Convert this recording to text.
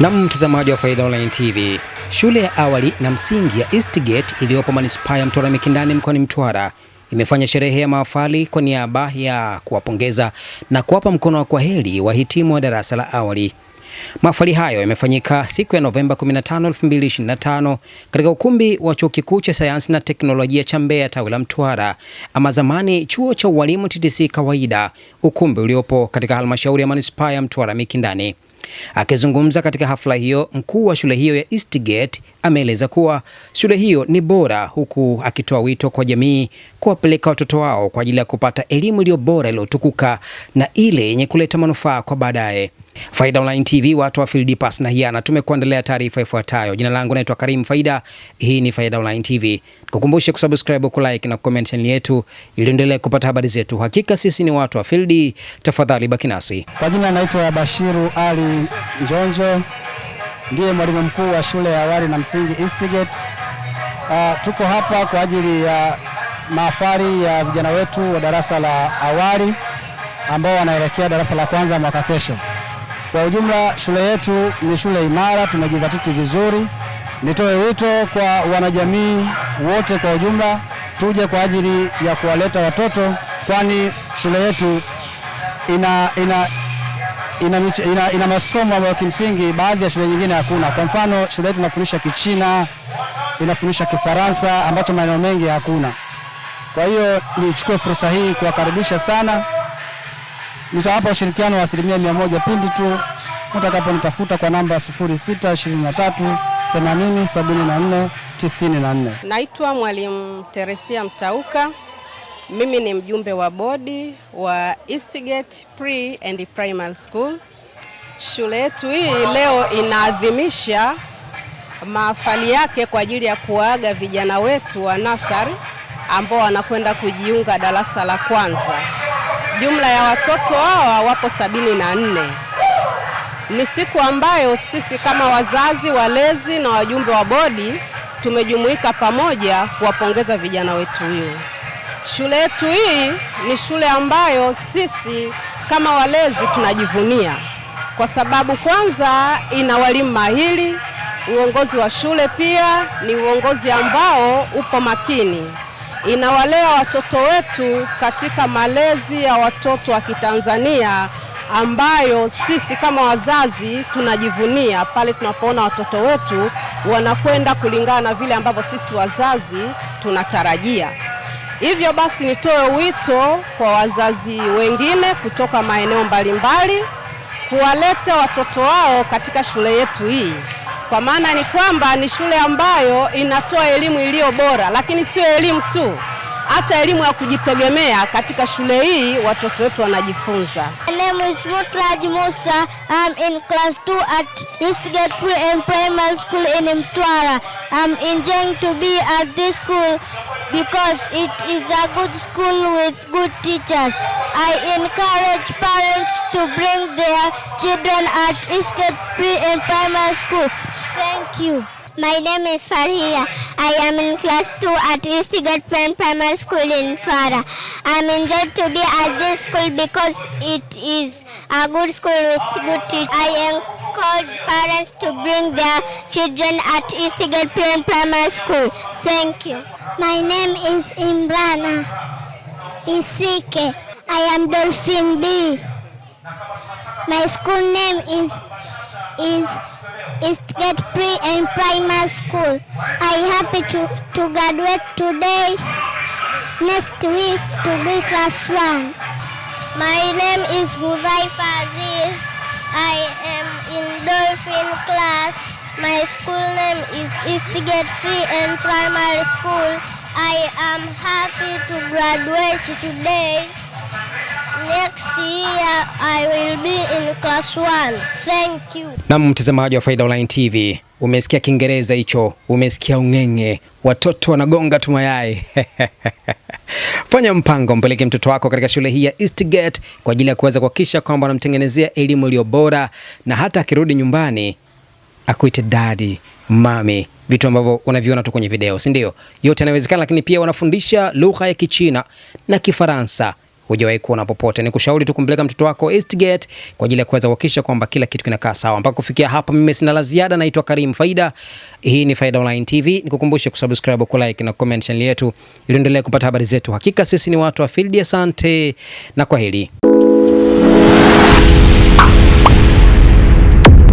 Na mtazamaji wa Faida Online TV, shule ya awali na msingi ya Eastgate iliyopo manispaa ya Mtwara Mikindani mkoani Mtwara imefanya sherehe ya mahafali kwa niaba ya kuwapongeza na kuwapa mkono wa kwaheri wahitimu wa darasa la awali. Mahafali hayo yamefanyika siku ya Novemba 15, 2025 katika ukumbi wa Chuo Kikuu cha Sayansi na Teknolojia cha Mbeya tawi la Mtwara, ama zamani Chuo cha Ualimu TTC Kawaida, ukumbi uliopo katika halmashauri ya manispaa ya Mtwara Mikindani. Akizungumza katika hafla hiyo, mkuu wa shule hiyo ya Eastgate ameeleza kuwa shule hiyo ni bora, huku akitoa wito kwa jamii kuwapeleka watoto wao kwa ajili ya kupata elimu iliyo bora, iliyotukuka na ile yenye kuleta manufaa kwa baadaye. Faida Online TV watu wa field pass na hiana, tumekuandalia taarifa ifuatayo. Jina langu naitwa Karim Faida, hii ni Faida Online TV. Kukumbushe kusubscribe, kulike na comment channel yetu ili endelee kupata habari zetu. Hakika sisi ni watu wa field, tafadhali baki nasi. Kwa jina naitwa Bashiru Ali Njonjo, ndiye mwalimu mkuu wa shule ya awali na msingi Eastgate. Uh, ah, tuko hapa kwa ajili ya mahafali ya vijana wetu wa darasa la awali ambao wanaelekea darasa la kwanza mwaka kesho. Kwa ujumla shule yetu ni shule imara, tumejidhatiti vizuri. Nitoe wito kwa wanajamii wote kwa ujumla, tuje kwa ajili ya kuwaleta watoto, kwani shule yetu ina, ina, ina, ina, ina, ina masomo ambayo kimsingi baadhi ya shule nyingine hakuna. Kwa mfano shule yetu inafundisha Kichina, inafundisha Kifaransa ambacho maeneo mengi hakuna. Kwa hiyo nichukue fursa hii kuwakaribisha sana nitawapa ushirikiano wa asilimia mia moja pindi tu mtakaponitafuta kwa namba 0623807494. Naitwa Mwalimu Teresia Mtauka. Mimi ni mjumbe wa bodi wa Eastgate Pre and Primary School. Shule yetu hii leo inaadhimisha mahafali yake kwa ajili ya kuwaaga vijana wetu wa nasari ambao wanakwenda kujiunga darasa la kwanza. Jumla ya watoto hawa wapo sabini na nne. Ni siku ambayo sisi kama wazazi, walezi na wajumbe wa bodi tumejumuika pamoja kuwapongeza vijana wetu. Hiyo shule yetu hii ni shule ambayo sisi kama walezi tunajivunia kwa sababu kwanza ina walimu mahiri. Uongozi wa shule pia ni uongozi ambao upo makini inawalea watoto wetu katika malezi ya watoto wa Kitanzania ambayo sisi kama wazazi tunajivunia pale tunapoona watoto wetu wanakwenda kulingana na vile ambavyo sisi wazazi tunatarajia. Hivyo basi, nitoe wito kwa wazazi wengine kutoka maeneo mbalimbali kuwaleta watoto wao katika shule yetu hii. Kwa maana ni kwamba ni shule ambayo inatoa elimu iliyo bora, lakini sio elimu tu, hata elimu ya kujitegemea. Katika shule hii watoto wetu wanajifunza. My name is Mutraj Musa. I'm in class 2 at Eastgate Pre-Primary and School in Mtwara. I'm enjoying to be at this school because it is a good school with good teachers. I encourage parents to bring their children at Eastgate Pre and Primary School Thank you. My name is Farhia. I am in class 2 at Istigat Primary School in Twara. I am enjoyed to be at this school because it is a good school with good teachers. I encourage parents to bring their children at Istigat Primary School. Thank you. My name is Imbrana. Isike. I am Dolphin B. My school name is is is get pre and primary school. I happy to, to graduate today, next week to be class one. My name is Hudhaifa Aziz. I am in dolphin class. My school name is Eastgate Free and Primary School. I am happy to graduate today. Next year I will be in class one. Thank you. Na mtazamaji wa Faida Online TV, umesikia Kiingereza hicho, umesikia ung'enge, watoto wanagonga tu mayai Fanya mpango, mpeleke mtoto wako katika shule hii ya Eastgate kwa ajili ya kuweza kuhakikisha kwamba anamtengenezea elimu iliyo bora, na hata akirudi nyumbani akuite dadi, mami, vitu ambavyo unaviona tu kwenye video, si ndio? Yote yanawezekana, lakini pia wanafundisha lugha ya Kichina na Kifaransa hujawahi kuona popote. Ni kushauri tu kumpeleka mtoto wako Eastgate kwa ajili ya kuweza kuhakikisha kwamba kila kitu kinakaa sawa. Mpaka kufikia hapa, mimi sina la ziada. Naitwa Karim Faida, hii ni Faida Online TV. Nikukumbushe kusubscribe, ku like na comment channel yetu ili endelee kupata habari zetu. Hakika sisi ni watu wa field. Asante na kwaheri.